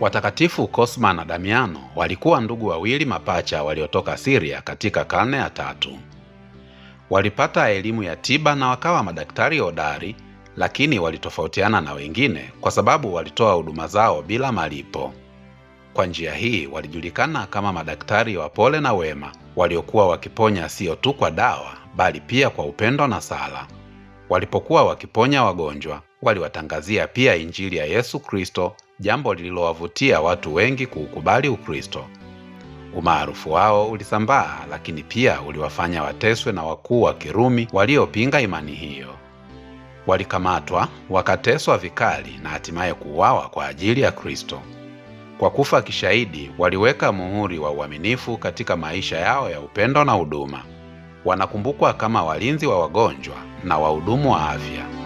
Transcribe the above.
Watakatifu kosma na Damiano walikuwa ndugu wawili mapacha waliotoka Siria katika karne ya tatu. Walipata elimu ya tiba na wakawa madaktari hodari, lakini walitofautiana na wengine kwa sababu walitoa huduma zao bila malipo. Kwa njia hii walijulikana kama madaktari wa pole na wema waliokuwa wakiponya sio tu kwa dawa, bali pia kwa upendo na sala. Walipokuwa wakiponya wagonjwa, waliwatangazia pia Injili ya Yesu Kristo jambo lililowavutia watu wengi kuukubali Ukristo. Umaarufu wao ulisambaa, lakini pia uliwafanya wateswe na wakuu wa Kirumi waliopinga imani hiyo. Walikamatwa, wakateswa vikali na hatimaye kuuawa kwa ajili ya Kristo. Kwa kufa kishahidi, waliweka muhuri wa uaminifu katika maisha yao ya upendo na huduma. Wanakumbukwa kama walinzi wa wagonjwa na wahudumu wa afya.